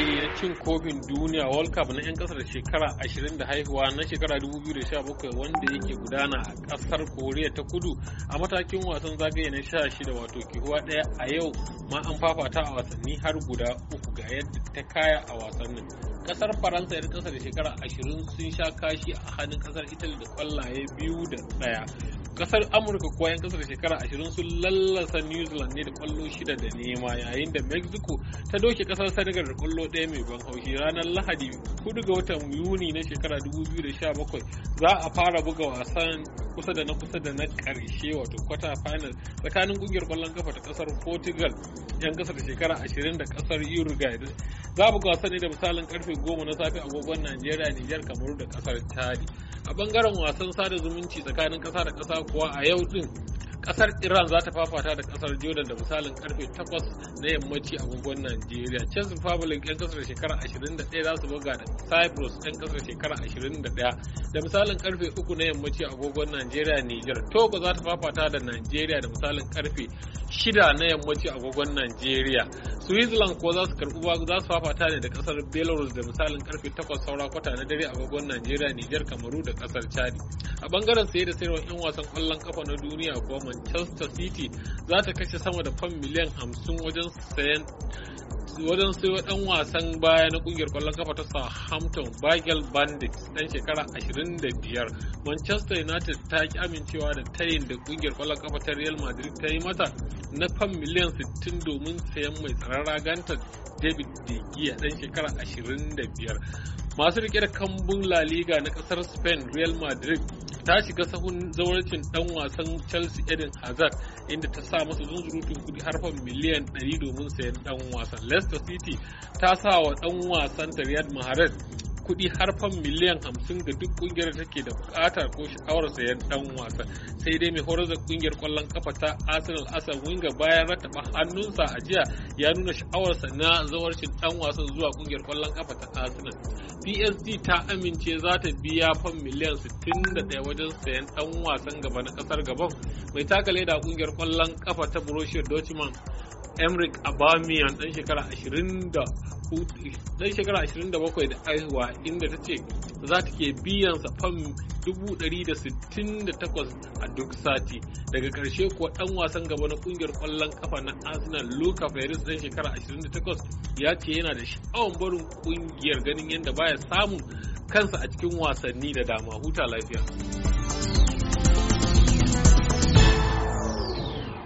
ke cin kofin duniya world cup na 'yan kasar da shekara 20 da haihuwa na shekara 2017 wanda yake gudana a kasar korea ta kudu a matakin wasan zagaye na 16 wato kihuwa daya a yau ma an fafata a wasanni har guda uku ga yadda ta kaya a wasannin kasar faransa 'yan kasar da shekara 20 sun sha kashi a hannun kasar italy da kwallaye biyu da daya kasar amurka kuwa yan kasar shekara 20 sun lallasa new zealand ne da kwallo shida da nema yayin da mexico ta doke kasar senegal da kwallo ɗaya mai ban haushi ranar lahadi 4 ga watan yuni na shekara 2017 za a fara buga wasan kusa da na kusa da na karshe wato kwata final tsakanin kungiyar kwallon kafa ta kasar portugal yan kasar shekara 20 da kasar uruguay za a buga wasan ne da misalin karfe 10 na safe agogon najeriya nijar kamaru da kasar chadi a bangaren wasan sada zumunci tsakanin kasa da kasa kuwa a yau din kasar iran za ta fafata da kasar jordan da misalin karfe 8 na yammaci agogon nigeria czech republic yan kasar shekara 21 za su buga da cyprus yan kasar shekara 21 da misalin karfe 3 na yammaci agogon nigeria niger togo za ta fafata da nigeria da misalin karfe 6 na yammaci agogon nigeria switzerland ko za su karbi za su fafata ne da kasar belarus da misalin karfe 8 saura kwata na dare a agogon najeriya nijar kamaru da kasar Chad. a bangaren saye da sayarwar yan wasan kwallon kafa na duniya kuwa manchester city za ta kashe sama da fam miliyan 50 wajen sayan wajen sayo dan wasan baya na kungiyar kwallon kafa ta Southampton Bagel Bandits dan shekara 25 Manchester United ta ki amincewa da tayin da kungiyar kwallon kafa ta Real Madrid ta yi mata na fan miliyan 60 domin sayan mai tsara tsaron raganta david de gea dan shekara 25 masu rike da kambun la liga na kasar spain real madrid ta shiga sahun zawarcin dan wasan chelsea eden hazard inda ta sa masa zunzurutun kudi harfar miliyan 100 domin sayan dan wasan leicester city ta sa wa dan wasan riyad mahrez kuɗi har fan miliyan hamsin ga duk ƙungiyar da take da buƙatar ko sha'awar sayan ɗan wasan sai dai mai horar da ƙungiyar ƙwallon kafa ta arsenal asan winger bayan rattaba hannunsa a jiya ya nuna sha'awarsa na zawarcin ɗan wasan zuwa ƙungiyar ƙwallon kafa ta arsenal psd ta amince za ta biya fan miliyan sittin 61 wajen sayan ɗan wasan gaba na ƙasar gabon mai taka leda ƙungiyar ƙwallon kafa ta borussia dortmund emric abamian dan shekara ashirin da Kudi dan shekara 27 da aihuwa inda ta ce za ta ke biyan sa fam 168 a duk sati daga karshe kuwa dan wasan gaba na kungiyar kwallon kafa na Arsenal Luka Ferris dan shekara 28 ya ce yana da sha'awan barin kungiyar ganin yadda baya samun kansa a cikin wasanni da dama huta lafiya.